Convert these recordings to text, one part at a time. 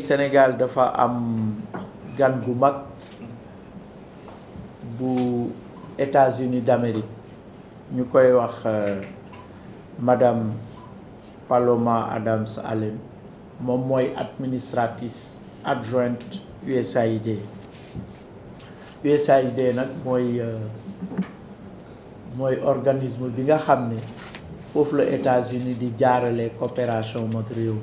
Sénégal dafa am gan gu mag bu États-Unis d'Amérique ñu koy wax euh, madame Paloma Adams Allen moom mooy administratrice adjointe USAID USAID nag mooy euh, mooy organisme bi nga xam ne foofu la États-Unis di jaarale coopération mag réew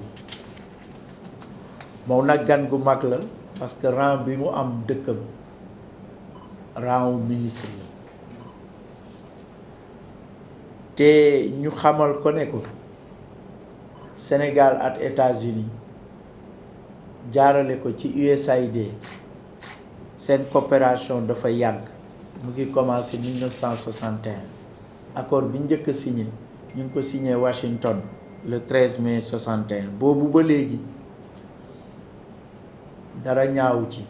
moom nag gan gu mag la parce que rang bi mu am dëkkam rangu ministre la te ñu xamal ko ne ko Sénégal at États-Unis jaarale ko ci USAID seen coopération dafa yàgg mu ngi commencé 1961 accord bi njëkk a signé ñu ngi ko signé Washington le 13 mai 61 boobu ba léegi. dara ñaawu ci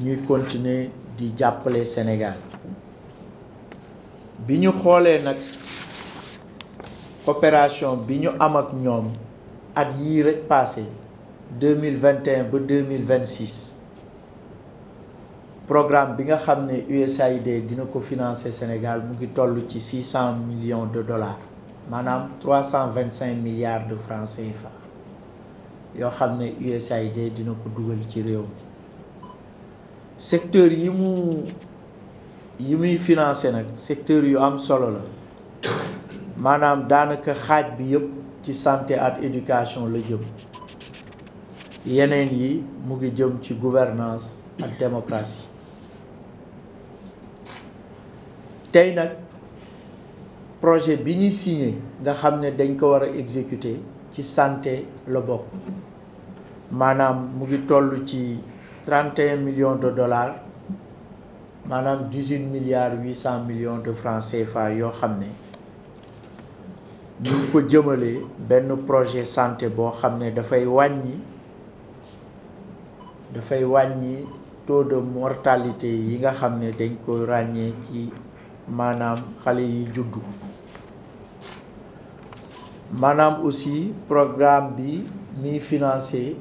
ñuy continuer di jàppale Sénégal bi ñu xoolee nag coopération bi ñu am ak ñoom at yii rek passé deux mille vingt et ba deux mille vingt six programme bi nga xam ne USAID dina ko financer Sénégal mu ngi toll ci six cent millions de dollars maanaam trois cent vingt cinq milliards de francs CFA. yoo xam ne USAID dina ko dugal ci réew mi secteur yi mu yi muy financé nag secteur yu am solo la maanaam daanaka xaaj bi yëpp ci santé ak éducation la jëm yeneen yi mu ngi jëm ci gouvernance ak démocratie tey nag projet bi ñuy signé nga xam ne dañ ko war a exécuter ci santé la bokk maanaam mu ngi toll ci trente et un millions de dollars maanaam dix-huit milliards huit cent millions de francais CFA yoo xam ne ñu ngi ko jëmalee benn projet santé boo xam ne dafay wàññi dafay wàññi taux de mortalité yi nga xam ne dañ ko ràññee ci maanaam xale yi juddu maanaam aussi programme bi ni financé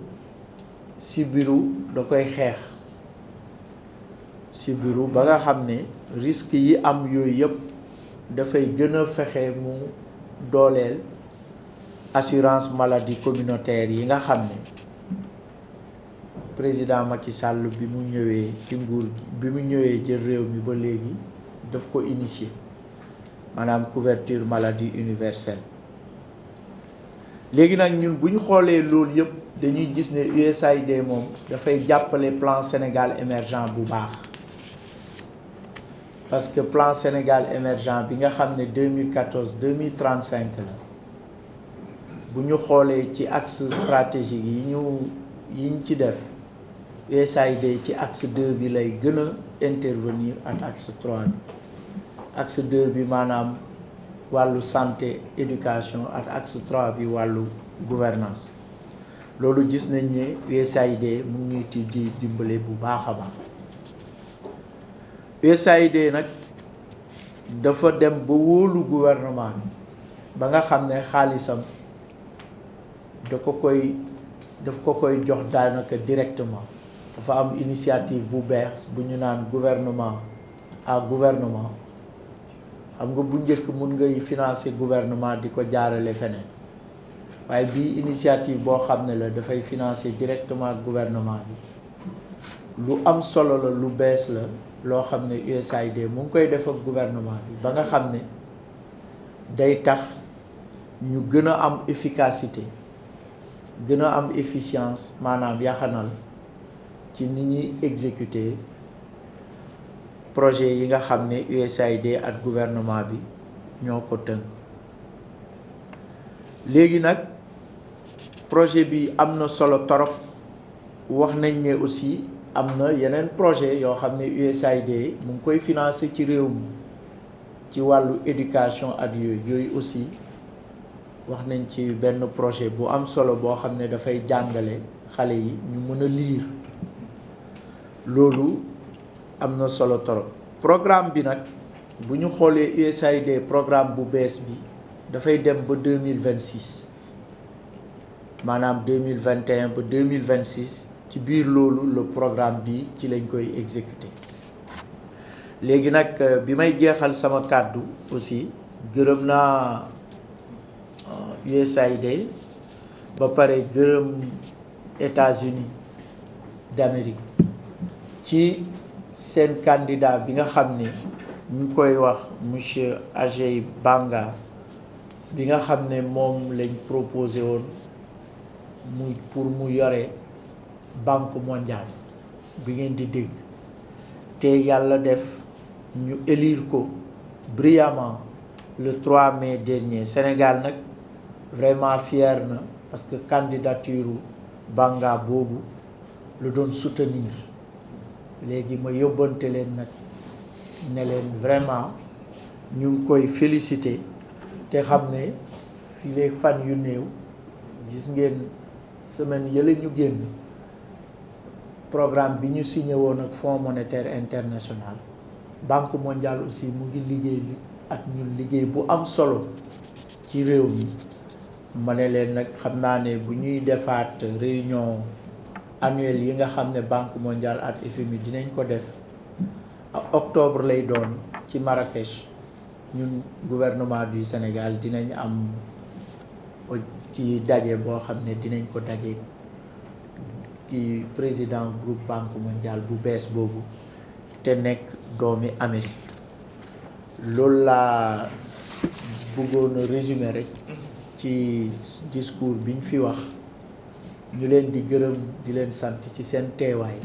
sibiru da koy xeex sibiru ba nga xam ne risque yi am yooyu yëpp dafay gën a fexe mu dooleel assurance maladie communautaire yi nga xam ne président ma ci sàll bi mu ñëwee ci nguur bi mu ñëwee jël réew mi ba léegi daf ko initier maanaam couverture maladie universelle léegi nag ñun bu ñu xoolee loolu yëpp dañuy gis ne USAID moom dafay jàppale plan Sénégal émergent bu baax parce que plan Sénégal émergent bi nga xam ne 2014 2035 la bu ñu xoolee ci axe stratégique yi ñu yi ñu ci def USAID ci axe 2 bi lay gën a intervenir ak axe 3 bi axe 2 bi maanaam. wàllu santé éducation ak axe 3 bi wàllu gouvernance loolu gis nañ ne USAID mu ngi ci di dimbale bu baax a baax USAID nag dafa dem ba wóolu gouvernement bi ba nga xam ne xaalisam da ko koy daf ko koy jox daanaka directement dafa am initiative bu bees bu ñu naan gouvernement à gouvernement xam nga bu njëkk mun ngay financer gouvernement di ko jaarale feneen waaye bii initiative boo xam ne la dafay financer directement gouvernement bi lu am solo la lu bees la loo xam ne USAID mu ngi koy def ak gouvernement bi ba nga xam ne day tax ñu gën a am efficacité gën a am efficience maanaam yaxanal ci ni ñuy exécuter projet yi nga xam ne USAID ak gouvernement bi ñoo ko tënk léegi nag projet bi am na solo torop wax nañ ne aussi am na yeneen projet yoo xam ne USAID mu ngi koy financer ci réew mi ci wàllu éducation ak yooyu yooyu aussi wax nañ ci benn projet bu am solo boo xam ne dafay jàngale xale yi ñu mën a lire loolu am na solo torop programme bi nag bu ñu xoolee USAID programme bu bees bi dafay dem ba deux mille vingt six maanaam deux mille vingt et un ba deux mille vingt six ci biir loolu le programme bi ci lañ koy exécuter léegi nag euh, bi may jeexal sama kàddu aussi gërëm naa USAID euh, ba pare gërëm États-Unis d'Amérique ci seen candidat bi nga xam ne ñu koy wax monsieur Ajay Banga bi nga xam ne moom lañ proposé woon mu pour mu yore banque mondiale bi ngeen di dégg te yàlla def ñu élire ko brillamment le 3 mais dernier Sénégal nag vraiment fier na parce que candidature Banga boobu lu doon soutenir léegi ma yóbbante leen nag ne leen vraiment ñu ngi koy félicité te xam ne fii fan yu néew gis ngeen semaine yële ñu génn programme bi ñu signé woon ak Fonds monétaire international Banque mondiale aussi mu ngi liggéey ak ñu liggéey bu am solo ci réew mi ma ne leen nag xam naa ne bu ñuy defaat réunion annuel yi nga xam ne banque mondiale ak FMI dinañ ko def octobre lay doon ci Marrakech ñun gouvernement du Sénégal dinañ am ci daje boo xam ne dinañ ko daje ci président groupe banque mondiale bu bees boobu te nekk doomi Amérique loolu laa bëggoon a résumer rek ci discours biñ fi wax ñu leen di gërëm di leen sant ci seen teewaay